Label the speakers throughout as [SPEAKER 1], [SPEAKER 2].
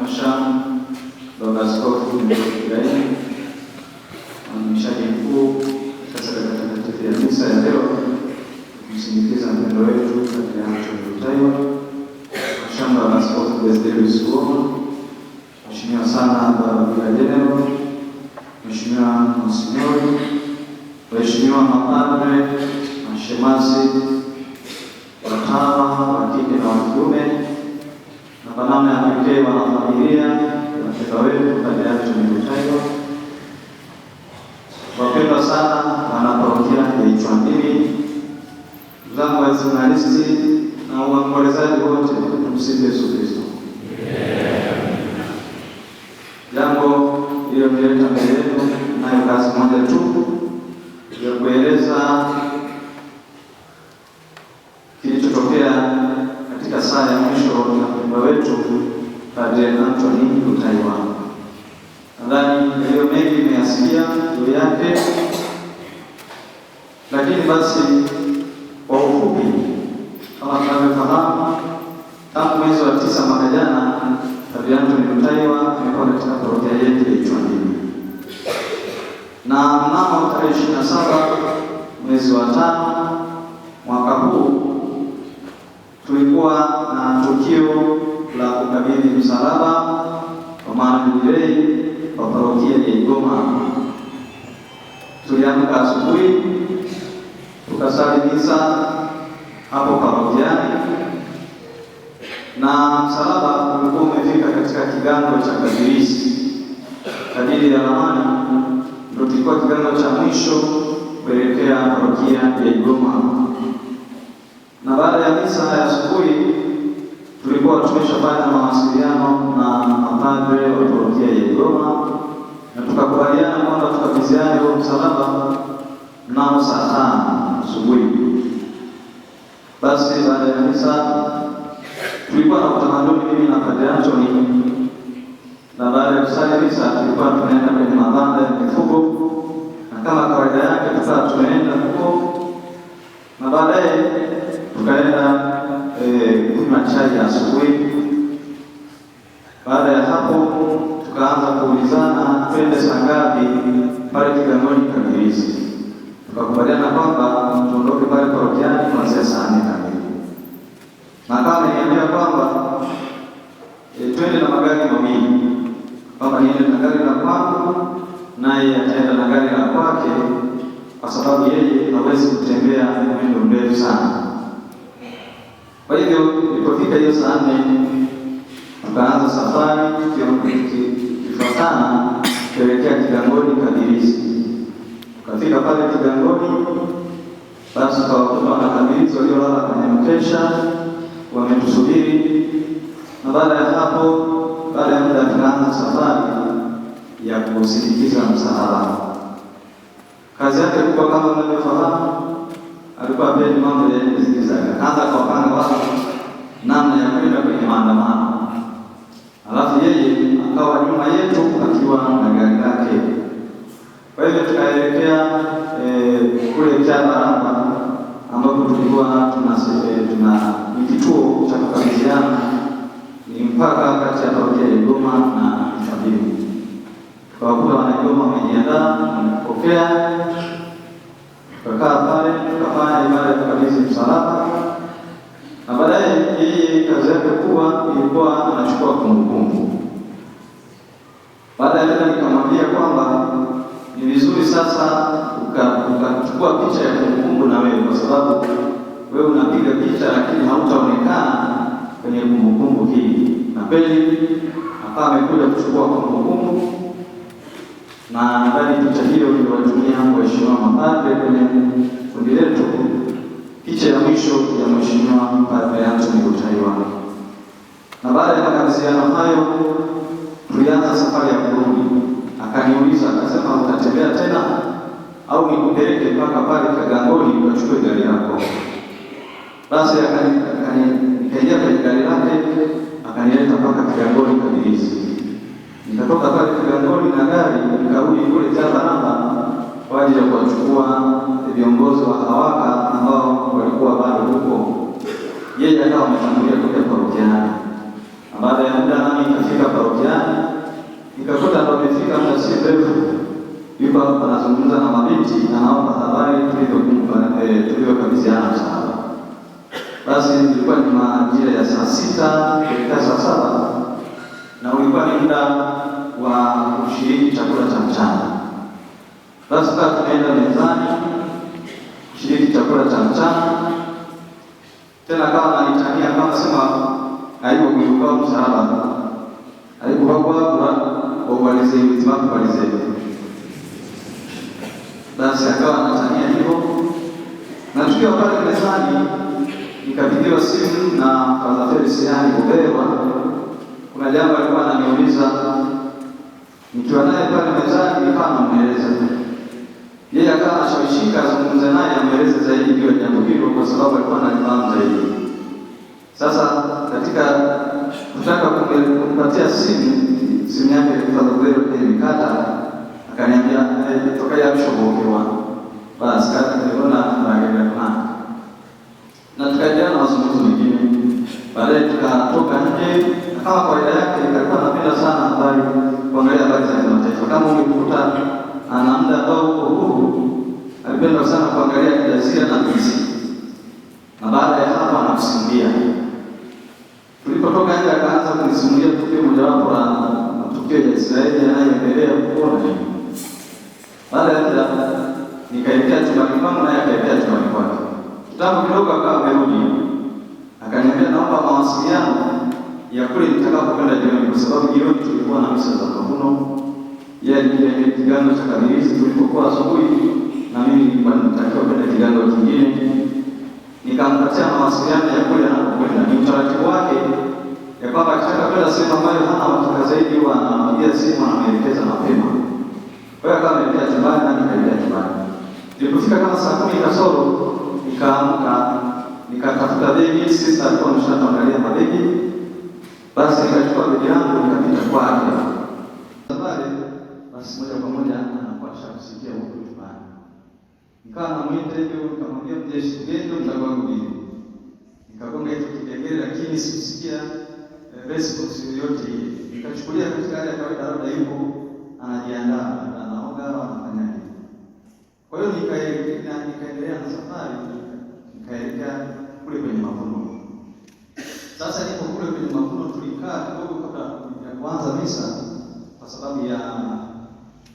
[SPEAKER 1] Mwashamu Baba Askofu Kilaini, mwanamishaji mkuu sasa takatifu ya misa ya leo, kumsindikiza mpendo wetu Patriarca Mwashamu Baba Askofu Desiderius Uwomo, Mheshimiwa sana Baba Bikira Jenerali, Mheshimiwa Monsinyori, Waheshimiwa mapadre, mashemasi, watawa wa kike na wa kiume kwa namna ya pekee wanafamilia na mshirika wetu Padre wapendwa sana wanaparokia ya Ichwambili, zangu waseminaristi na uombolezaji wote, tumsifu Yesu Kristo. mnamo tarehe 27 mwezi wa tano mwaka huu tulikuwa na tukio la kukabidhi msalaba kwa maadilei wa parokia ya Igoma. Tuliamka asubuhi tukasali misa hapo parokiani na msalaba ulikuwa umefika katika kigango cha Kadirisi kadiri ya ramani kilikuwa kigango cha mwisho kuelekea parokia ya Igoma, na baada ya misa ya asubuhi tulikuwa tumeshafanya mawasiliano na mapadre wa parokia ya Igoma na tukakubaliana kwamba tukabidhiane huo msalaba mnamo saa tano asubuhi. Basi baada ya misa tulikuwa na utamaduni mimi na padre Anthony na baada ya kusali misa tulikuwa tunaenda kwenye mabanda ya mifugo, na kama kawaida yake tukawa tunaenda huko na baadaye tukaenda eh, kunywa chai ya asubuhi. Baada ya hapo, tukaanza kuulizana twende saa ngapi pale Kigamboni Kamilizi. Tukakubaliana kwamba tuondoke pale parokiani kuanzia saa nne kamili, na kama niambia kwamba eh, twende na magari mawili kwamba niende na gari la kwangu, naye ataenda na gari la kwake, kwa sababu yeye hawezi kutembea mwendo mrefu sana. Kwa hivyo ilipofika hiyo saa nne tukaanza safari tukifuatana kuelekea Kigangoni Kadirisi. Tukafika pale Kigangoni, basi tukawakuta wanakabilizi waliolala kwenye mkesha wametusubiri, na baada ya hapo pale muda tunaanza safari ya kusindikiza msahara. Kazi yake kubwa kama mnavyofahamu, alikuwa pia ni mambo ya kusindikiza, anaanza kwa panga watu namna ya kwenda kwenye maandamano, alafu yeye akawa nyuma yetu akiwa na gari lake. Kwa hivyo tukaelekea eh, kule Kiararamba ambapo tulikuwa tuna eh, tuna kituo mpaka kati ya kaunti ya Igoma na Isabiri. Kwa kuwa wanaigoma wamejiandaa wamepokea, tukakaa pale tukafanya ibada ya kukabidhi msalaba, na baadaye hii kazi yake kuwa ilikuwa anachukua kumbukumbu. Baada ya hilo, nikamwambia kwamba ni vizuri sasa ukachukua picha ya kumbukumbu na wewe, kwa sababu wewe unapiga picha lakini hautaonekana kwenye kumbukumbu hii na kweli hapa amekuja kuchukua kumbukumbu, na nadhani picha hiyo iliwatumia waheshimiwa mapadre kwenye kundi letu, picha ya mwisho ya mheshimiwa Padre Anthony Rutaihwa. Na baada ya makabidhiano hayo, tulianza safari ya kurudi. Akaniuliza akasema, utatembea tena au nikupeleke mpaka pale Kagangoni ukachukue gari yako? Basi nikaingia kwenye gari lake akanileta mpaka Kigamboni Kabilisi. Nikatoka pale Kigamboni na gari nikarudi kule Jabaramba kwa ajili ya kuwachukua viongozi wa Hawaka ambao walikuwa bado huko. Yeye akawa ametangulia kuja kwa Rukeyana. Baada ya muda nami jambo alikuwa ananiuliza, nikiwa naye pale mezani, nikawa namweleza yeye, akawa anashawishika azungumze naye, amweleze zaidi juu ya jambo hilo, kwa sababu alikuwa analifahamu zaidi. Sasa katika kutaka kumpatia simu, simu yake ilifadhiliwa kwenye mikata, akaniambia eh, toka ya mshobokewa basi kati niliona naangalia kuna na tukajana na mazungumzo mengine, baadaye tukatoka nje kama kawaida yake alikuwa anapenda sana habari, kuangalia habari za kimataifa. Kama umekuta ana muda ambao uko huru, alipenda sana kuangalia Aljazira na Bizi, na baada ya hapo anakusimulia. Tulipotoka nje, akaanza kunisimulia tukio mojawapo la matukio ya Israeli yanayoendelea kuona. Baada ya muda nikaelekea chumbani kwangu, naye akaelekea chumbani kwake. Kitambo kidogo akawa amerudi, akaniambia, naomba mawasiliano ya kule nitakapokwenda jioni, kwa sababu jioni tulikuwa na misa za mavuno ya ile kigano cha kamilizi tulipokuwa asubuhi, na mimi nilikuwa nitakiwa kwenda kigano kingine, nikampatia mawasiliano ya kule anapokwenda. Ni utaratibu wake ya kwamba akitaka kwenda sehemu ambayo hana uhakika zaidi, huwa anampigia simu, anamwelekeza mapema. Kwa hiyo akawa ameelekea chumbani na nikaelekea chumbani. Nilipofika kama saa kumi kasoro nikaamka, nikatafuta begi, sisi alikuwa basi nikachukua begi yangu nikapita kwake. Safari basi moja kwa moja anakuwa ashakusikia huko nyumbani. Nikawa namwita hivyo, nikamwambia mjeshi ngendo mtakwangu bibi. Nikagonga hicho kigengele lakini sikusikia response eh, yoyote ile. Nikachukulia katika hali ya kawaida, labda yuko anajiandaa, anaoga au anafanya nini. Kwa hiyo nikaelekea nikaendelea na safari, nikaelekea kule kwenye mavuno. Sasa niko kule kwenye mavuno tumekaa kidogo kabla ya kuanza misa kwa sababu ya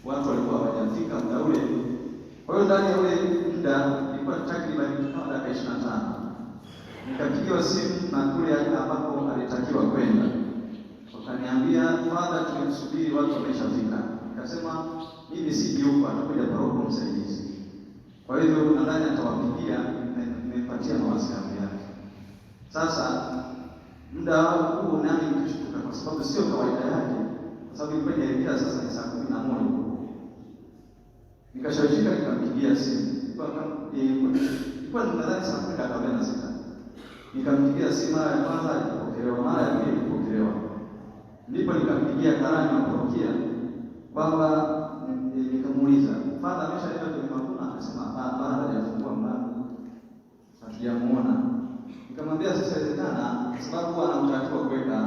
[SPEAKER 1] watu walikuwa hawajafika muda ule. Kwa hiyo ndani ya ule muda ilikuwa takriban kama dakika ishirini na tano nikapigiwa simu na kule ambapo alitakiwa kwenda, wakaniambia Father, tumemsubiri watu wameshafika. Nikasema mimi sijiuko, atakuja paroko msaidizi. Kwa hivyo nadhani atawapigia, nimepatia mawasiliano yake sasa muda huo nani mtashtuka, kwa sababu sio kawaida yake, kwa sababu ilikuwa inaelekea sasa ni saa kumi na moja. Nikashawishika, nikampigia simu, ilikuwa eh, nadhani saa kumi na arobaini na sita. Nikampigia simu mara ya kwanza ikapokelewa, mara ya pili ikapokelewa, ndipo nikampigia karani wa kwamba eh, nikamuuliza fadha ameshaenda kwenye makuna, akasema hapana, bado hajafungua mlango, hatujamuona Nikamwambia sasa, inawezekana kwa sababu ana utaratibu wa kwenda,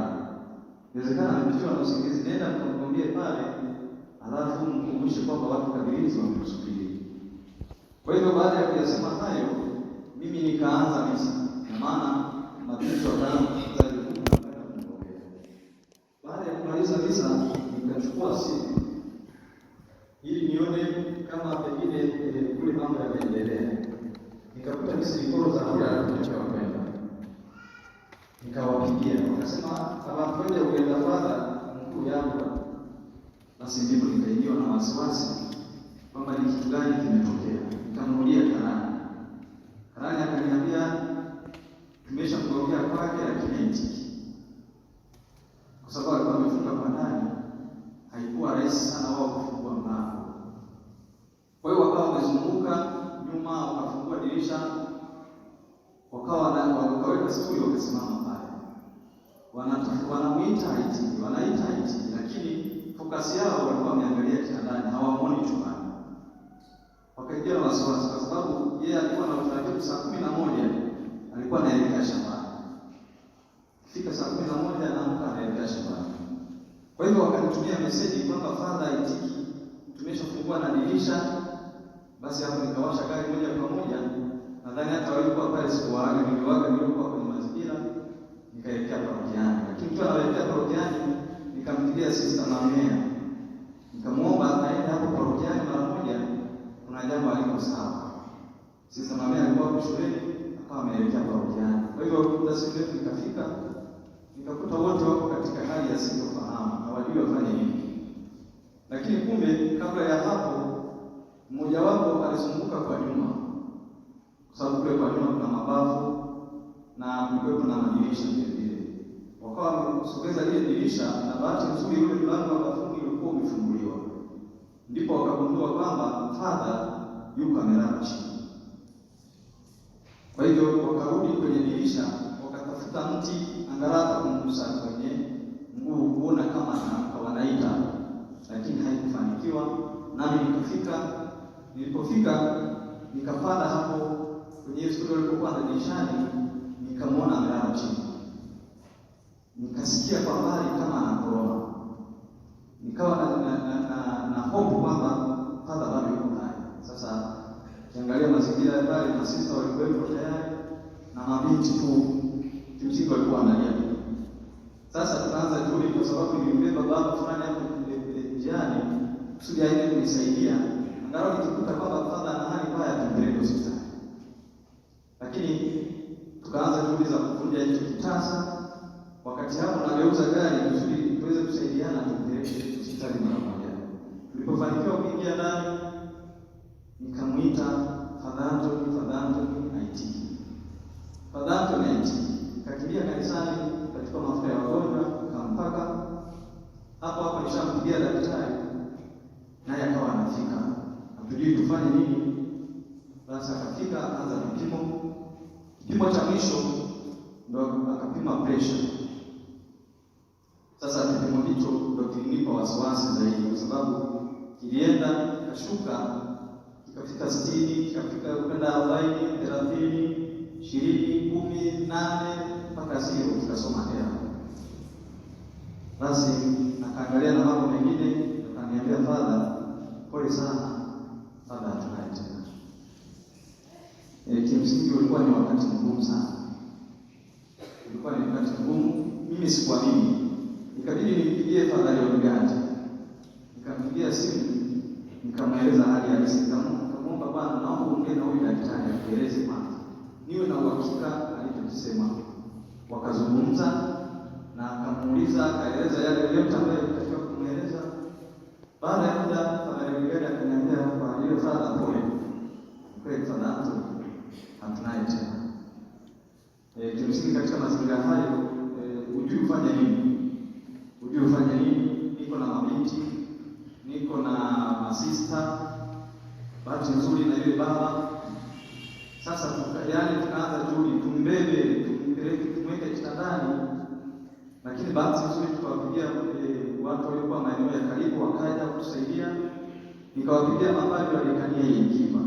[SPEAKER 1] inawezekana amepitiwa na usingizi, nenda mkamwambie pale, alafu mkumbushe kwamba watu kabilizi wamekusubiri. Kwa hivyo baada ya kuyasema hayo, mimi nikaanza misa, kwa maana matumizi baada ya kumaliza misa nikachukua simu ili nione kama pengine eh, kule mambo yanaendelea. Nikakuta za Nikawapigia wakasema, kama kwende uenda fadha mkuu yangu. Basi ndipo nikaingiwa na wasiwasi kwamba ni kitu gani kimetokea. Nikamuulia karani, karani akaniambia tumesha kuongea kwake, lakini kwa sababu alikuwa amefunga kwa ndani, haikuwa rahisi sana wao kufungua mlango. Kwa hiyo wakawa wamezunguka nyuma, wakafungua dirisha, wakawa wakaweka stuli, wakasimama wanamuita IT, wanaita IT, lakini fokasi yao walikuwa wameangalia kitandani, hawamuoni chumbani. Wakaingia na wasiwasi, kwa sababu yeye alikuwa na utaratibu, saa kumi na moja alikuwa anaelekea shambani, Fika saa kumi na moja anaamka anaelekea shambani. Kwa hivyo wakanitumia meseji kwamba fadha aitiki, tumeshafungua na dirisha. Basi hapo nikawasha gari moja kwa moja, nadhani hata walikuwa pale sikuwaaga, niliwaaga nilikuwa kwenye mazingira, nikaelekea parokia mtu anaelekea parokiani, nikampigia Sister Mamea nikamwomba aende hapo parokiani mara moja, kuna jambo aliko sawa. Sister Mamea alikuwa shuleni, akawa ameelekea parokiani. Kwa hivyo muda si mrefu nikafika, nikakuta wote wako katika hali ya sintofahamu, hawajui wafanye nini. Lakini kumbe kabla ya hapo mmoja wapo alizunguka kwa nyuma, kwa sababu kule kwa nyuma kuna mabafu na kulikuwa kuna madirisha vilevile wakawa wamesogeza lile dirisha, na bahati nzuri yule mlango wa bafuni ulikuwa umefunguliwa, ndipo wakagundua kwamba fadha yuko amelala chini. Kwa hivyo wakarudi kwenye dirisha, wakatafuta mti angalau kumgusa kwenye mguu kuona kama anaamka, wanaita, lakini haikufanikiwa. Nami nikafika, nilipofika nikapanda hapo kwenye stuli alipokuwa dirishani, nikamwona amelala chini nikasikia kwa mbali kama anakoroa, nikawa na, na, na, na, na hope kwamba padha bado yuko hai. Sasa kiangalia mazingira ya pale, masista walikuwepo tayari na mabinti tu, kimsingi walikuwa wanalia. Sasa tunaanza juhudi, kwa sababu nilimbeba baba fulani hapo njiani kusudi aende kunisaidia, angalau nikikuta kwamba padha ana hali mbaya, tumpeleke hospitali. Lakini tukaanza juhudi za kuvunja hicho kitasa kati yao anayeuza gari kusudi tuweze kusaidiana tumpeleke hospitali mara moja. Tulipofanikiwa kuingia ndani, nikamwita Padre Anthony, Padre Anthony aitiki. Padre Anthony aitiki. Kakimbia kanisani, katika mafuta ya wagonjwa kampaka hapo hapo, nishampigia daktari naye akawa anafika, hatujui tufanye nini. Basi akafika anza vipimo, kipimo cha mwisho ndo akapima pressure sasa kipimo hicho ndio kilinipa wasiwasi zaidi, kwa sababu kilienda kashuka kikafika sitini, kikafika kwenda arobaini, thelathini, ishirini, kumi, nane mpaka zero, kikasoma hela. Basi akaangalia na mambo mengine, akaniambia fadha, pole sana fadha, hatunaye tena. E, kimsingi ulikuwa ni wakati mgumu sana, ulikuwa ni wakati mgumu. Mimi sikuamini Nikabidi nimpigie Padre Mganja, nikampigia simu, nikamweleza hali halisi, nikamwomba bwana, naomba ongee na huyu daktari akueleze kwanza, niwe na uhakika alichosema. Wakazungumza na akamuuliza, akaeleza yale yote ambayo alitakiwa kumweleza. Baada ya muda, Padre Mganja akaniambia, kwa hiyo Padre pole, kweli Padre tu hatunaye tena. E, kimsingi katika mazingira hayo e, hujui kufanya nini hiyo ufanye nini? Niko na mabinti, niko na masista, bahati nzuri na yule baba. Sasa yani tunaanza juhudi, tumbebe, tumpeleke, tumweke kitandani, lakini bahati nzuri tukawapigia eh, watu waliokuwa maeneo ya karibu, wakaja kutusaidia, nikawapigia mapadri walikania hii hekima.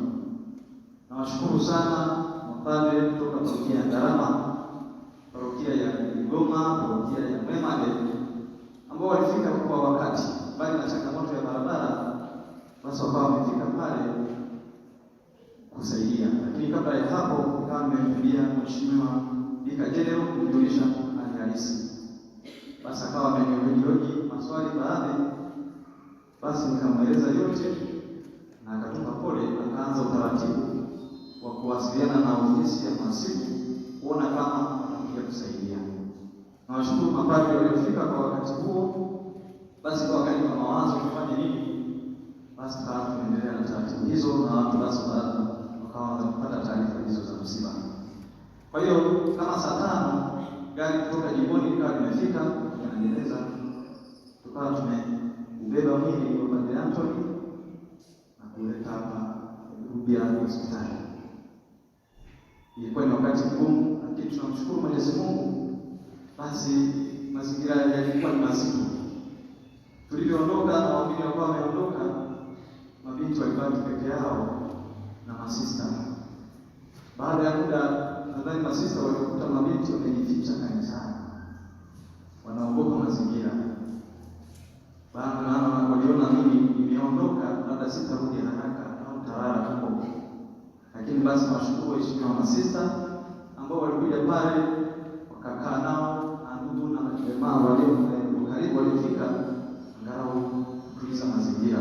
[SPEAKER 1] Nawashukuru sana mapadri kutoka parokia ya darama parokia ya Goma, parokia ya Mwema ambao walifika kwa wakati, bali na changamoto ya barabara, basi wakawa wamefika pale kusaidia. Lakini kabla ya hapo, kama nimempigia mheshimiwa Dikajeo kujulisha hali halisi, basi akawa amenihojihoji maswali baadhi, basi nikamweleza yote na akatupa pole, akaanza utaratibu wa kuwasiliana na ofisi ya masiku kuona kama atakuja kusaidia. Nawashukuru mapadri waliofika kwa wakati huo. Basi kwa wakati wa mawazo kufanya nini? Basi kaa tunaendelea na taratibu hizo, na watu basi wakawa kupata taarifa hizo za msiba. Kwa hiyo kama saa tano gari kutoka jimboni likawa limefika tunaendeleza, tukawa tumeubeba mwili wa Padre Anthony na kuleta hapa Rubya hospitali. Ilikuwa ni wakati mgumu, lakini tunamshukuru Mwenyezi Mungu basi mazingira yalikuwa ni mazito. Tulivyoondoka na waumini walikuwa wameondoka, mabinti walibaki peke yao na masista. Baada ya muda, nadhani masista walikuta mabinti wamejificha kanisani, wanaogopa mazingira. Baada waliona mimi nimeondoka, labda sitarudi haraka au tarara huko, lakini basi heshima wa masista ambao walikuja pale wakakaa nao jamaa walio karibu walifika angalau kutuliza mazingira.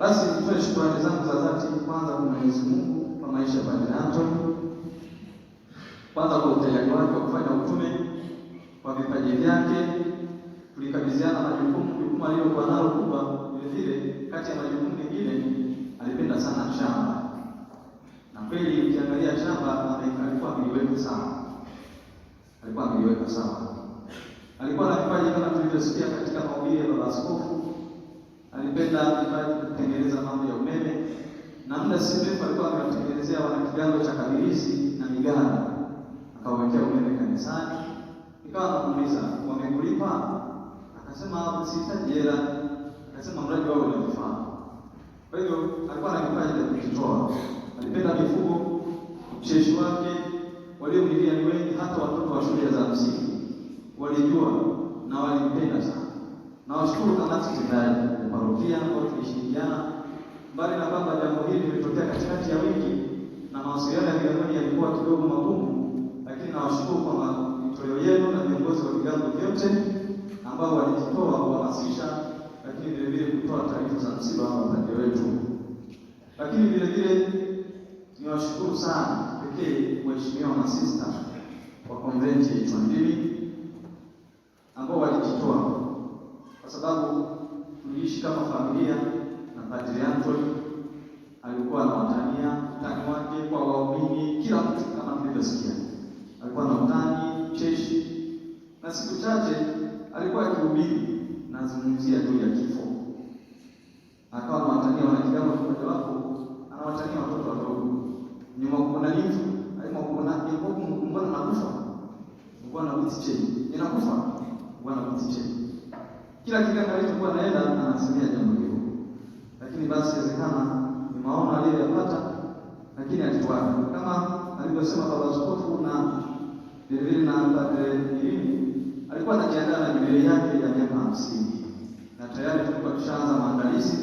[SPEAKER 1] Basi nitoe shukrani zangu za dhati kwanza kwa Mwenyezi Mungu kwa maisha ya Padre kwanza kwa utendaji wake wa kufanya utume, kwa vipaji vyake. Tulikabidhiana majukumu, jukumu aliyokuwa nalo kubwa, Vile vile kati ya majukumu mengine alipenda sana shamba, na kweli ukiangalia shamba alikuwa ameliweka sana, alikuwa ameliweka sana Alikuwa anafanya kama tulivyosikia katika mahubiri ya baba askofu, alipenda kutengeneza mambo ya umeme, na muda si mrefu alikuwa amewatengenezea wana kigango cha Kabirizi na miganda, akawekea umeme kanisani. Nikawa namuuliza wamekulipa? Akasema sihitaji hela, akasema mradi wao unafaa. Kwa hivyo alikuwa anakifanya cha kujitoa, alipenda mifugo, mcheshi wake waliomlilia ni wengi, hata watoto wa shule za msingi walijua na walimpenda sana. Nawashukuru kama sisi ndani parokia ambao tulishirikiana. Mbali na kwamba jambo hili limetokea katikati ya wiki na mawasiliano ya viganoni yalikuwa kidogo magumu, lakini nawashukuru kwa matoleo yenu na viongozi wa vigango vyote ambao walijitoa kuhamasisha, lakini vile vile kutoa taarifa za msiba wa upande wetu. Lakini vile vile niwashukuru sana pekee mheshimiwa masista wa konventi ya Itwandili nimesikia alikuwa na utani cheshi, na siku chache alikuwa akihubiri na nazungumzia juu ya kifo, akawa anawatania wanakigama mmoja wapo, anawatania watoto wadogo, nyuma kuna mtu alikuwa kuna yakobu mbona nakufa na biti cheni inakufa na biti cheni, kila kiganga alichokuwa naenda anasemea jambo hilo, lakini basi inawezekana ni maono aliyoyapata, lakini alituaga kama alivyosema baba askofu na vilevile na padre Ilini, alikuwa anajiandaa na jubilei yake ya miaka hamsini na tayari tulikuwa tushaanza maandalizi.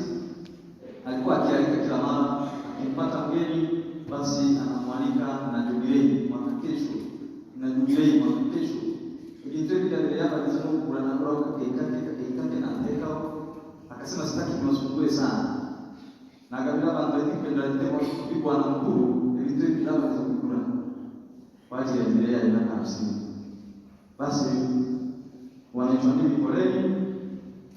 [SPEAKER 1] Alikuwa akialika kila mara, akimpata mgeni basi anamwalika na jubilei mwaka kesho na jubilei mwaka kesho akasema sitaki niwasumbue sana na akabila bandaikwenda ndemo kwa mkuu ilitoe kilabu kwa ajili ya miaka hamsini. Basi wanaichondini poleni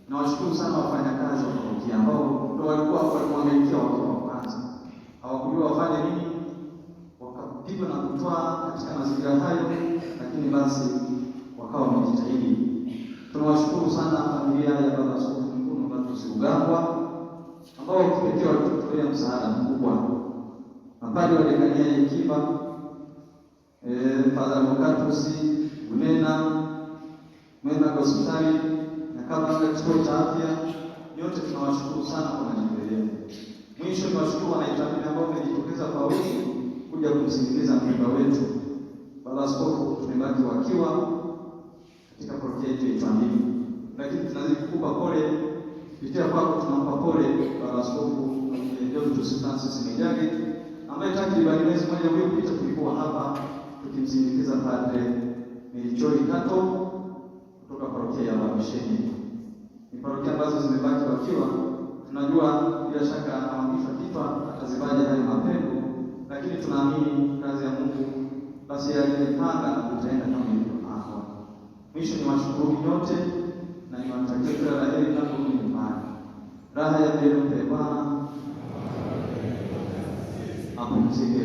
[SPEAKER 1] na washukuru sana wafanyakazi wa parokia ambao ndio walikuwa walimwangalikia wakiwa wa kwanza, hawakujua wafanye nini, wakapigwa na kutoa katika mazingira hayo, lakini basi wakawa wamejitahidi. Tunawashukuru sana familia ya Baba Askofu Mkuu Novatus Rugambwa ambao kipekee walitutolea msaada mkubwa, mapadi walikania ikiva eh, Father Unena Mwenda kwa hospitali na kama ile kituo cha afya, yote tunawashukuru sana kwa majitoleo. Mwisho tunashukuru wanaitamini ambao wamejitokeza kwa wingi kuja kumsikiliza mpendwa wetu Baba Askofu, tumebaki wakiwa katika parokia yetu ya Itambini, lakini tunazidi kukupa pole kupitia kwako, tunampa pole Baba Askofu Dr. Francis Mwijage ambaye takribani mwezi mmoja uliopita tulikuwa hapa tukimsindikiza Padre Melichori Kato kutoka parokia ya Wamisheni. Ni parokia ambazo zimebaki wakiwa, tunajua bila shaka anaamkishwa kichwa atazibaje hayo mapendo, lakini tunaamini kazi ya Mungu basi na itaenda kama ilivyopangwa. Mwisho ni washukuru nyote na niwatakie kila la heri na kurudi nyumbani. Raha ya mbele mpe Bwana, apumzike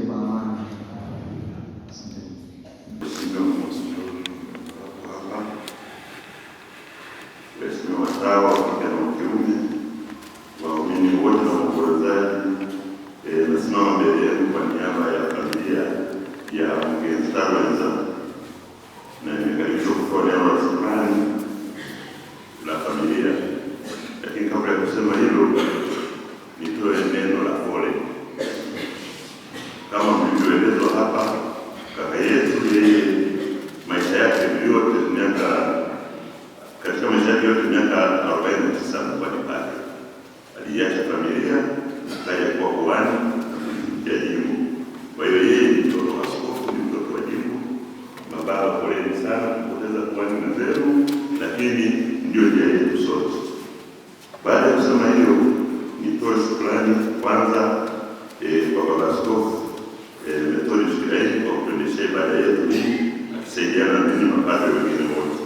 [SPEAKER 2] Askofu Methodius Kilaini kwa kuendeshea ibada yetu hii akisaidiana na nini mapadre wengine wote.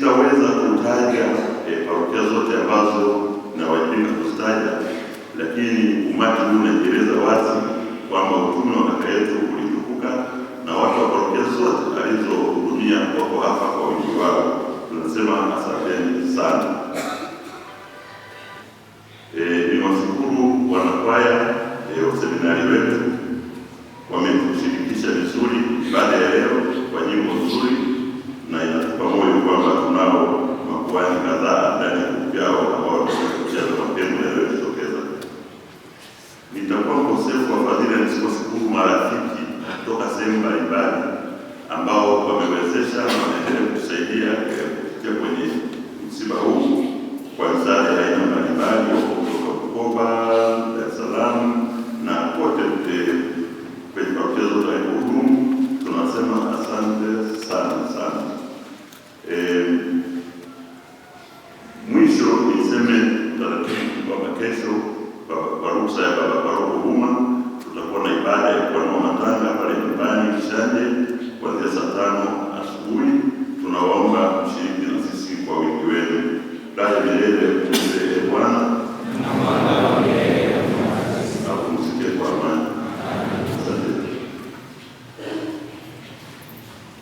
[SPEAKER 2] sitaweza kutaja eh, parokia zote ambazo nawajibika kuzitaja, lakini umati huu unajieleza wazi kwamba utume wa kaka yetu ulitukuka na watu wa parokia zote alizohudumia wako hapa kwa wingi wao. Tunasema asanteni sana. Eh, ni washukuru wanakwaya eh, waseminari wetu